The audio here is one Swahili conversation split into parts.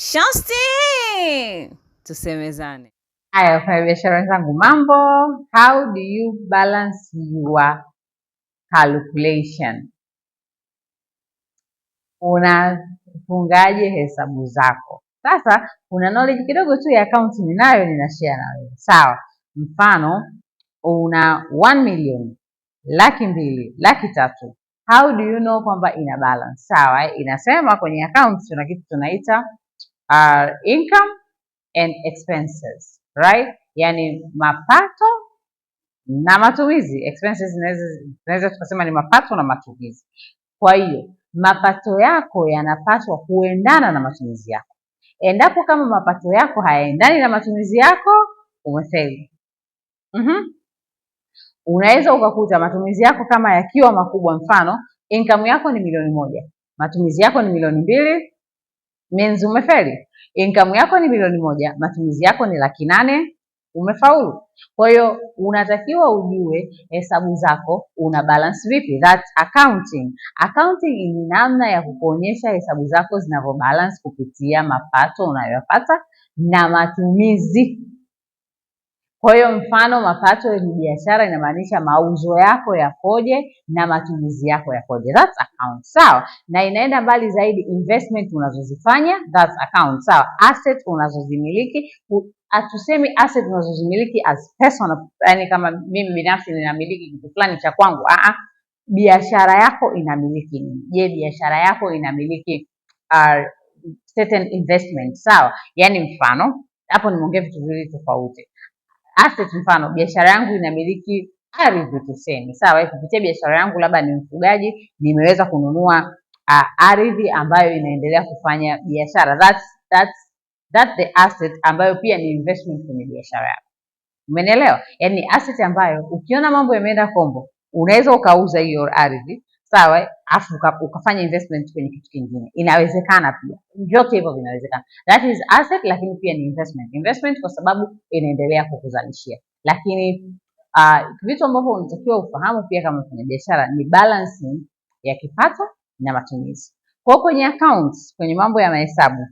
Shosti, tusemezane. Haya, wafanyabiashara wenzangu, mambo. How do you balance your calculation? Unafungaje hesabu zako? Sasa kuna knowledge kidogo tu ya akaunti ninayo, ninashare na wewe sawa. Mfano una 1 million, laki mbili, laki tatu, how do you know kwamba ina balance? Sawa, inasema kwenye akaunti tuna kitu tunaita are uh, income and expenses right, yani mapato na matumizi. Expenses zinaweza tukasema ni mapato na matumizi. Kwa hiyo mapato yako yanapaswa kuendana na matumizi yako. Endapo kama mapato yako hayaendani na matumizi yako, umefeli. mm -hmm. Unaweza ukakuta matumizi yako kama yakiwa makubwa, mfano income yako ni milioni moja, matumizi yako ni milioni mbili Means umefeli. Income yako ni bilioni moja, matumizi yako ni laki nane, umefaulu. Kwa hiyo unatakiwa ujue hesabu zako una balance vipi, that accounting. Accounting ni namna ya kukuonyesha hesabu zako balance kupitia mapato unayopata na matumizi kwa hiyo mfano mapato ni biashara inamaanisha mauzo yako yakoje na matumizi yako yakoje, that's account sawa. Na inaenda mbali zaidi, investment unazozifanya that's account sawa, asset unazozimiliki hatusemi asset unazozimiliki as personal, yani kama mimi binafsi ninamiliki kitu fulani cha kwangu. Ah, biashara yako inamiliki nini? Je, biashara yako inamiliki uh, certain investment sawa? Yani mfano hapo nimeongea vitu viwili tofauti asset, mfano biashara yangu inamiliki ardhi tuseme, sawa. Kupitia biashara yangu labda ni mfugaji, nimeweza kununua uh, ardhi ambayo inaendelea kufanya biashara. That's, that's, that's the asset ambayo pia ni investment kwenye biashara yako. Umeelewa? Yaani asset ambayo ukiona mambo yameenda kombo, unaweza ukauza hiyo ardhi sawa, afu ukafanya investment kwenye kitu kingine, inawezekana pia. Vyote hivyo vinawezekana, that is asset, lakini pia ni investment. Investment kwa sababu inaendelea kukuzalishia, lakini uh, vitu ambavyo unatakiwa ufahamu pia kama biashara ni balancing ya kipato na matumizi. Kwa kwenye accounts, kwenye mambo ya mahesabu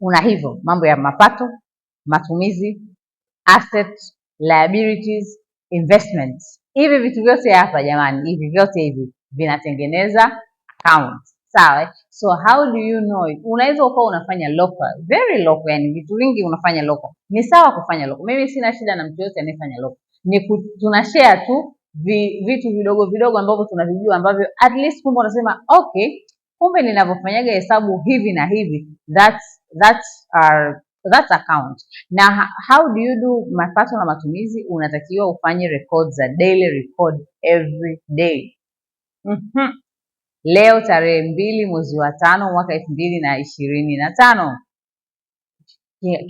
una hivyo mambo ya mapato, matumizi, assets, liabilities, investments. Hivi vitu vyote hapa jamani, hivi vyote hivi vinatengeneza account sawa. Eh? So how do you know it? Unaweza ukawa unafanya local, very local, yani vitu vingi unafanya local, ni sawa kufanya local. Mimi sina shida na mtu yote anayefanya local, ni tunashare tu vi, vitu vidogo vidogo ambavyo tunavijua ambavyo at least kumbe unasema okay, kumbe ninavyofanyaga hesabu hivi na hivi, that's that's our that's account. Na how do you do mapato na matumizi, unatakiwa ufanye records a daily record every day Mm -hmm. Leo tarehe mbili mwezi wa tano mwaka elfu mbili na ishirini na tano.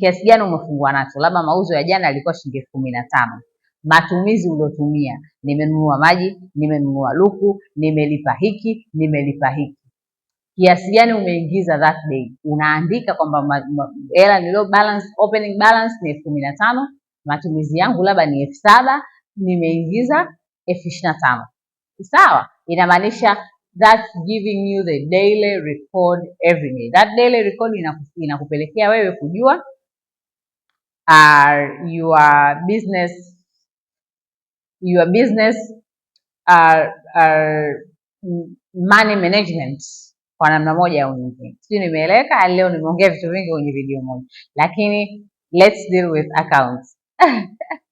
Kiasi gani umefungua nacho? Labda mauzo ya jana yalikuwa shilingi elfu kumi na tano. Matumizi uliotumia, nimenunua maji, nimenunua luku, nimelipa hiki, nimelipa hiki. Kiasi gani umeingiza that day? Unaandika kwamba hela nilio balance, opening balance ni elfu kumi na tano, matumizi yangu labda ni elfu saba, nimeingiza elfu ishirini na tano. Sawa? inamaanisha that's giving you the daily record every day. That daily record inakupelekea ina wewe kujua are uh, your business your business uh, uh, money management kwa namna moja au nyingine. Sijui nimeeleweka. Leo nimeongea vitu vingi kwenye video moja, lakini let's deal with accounts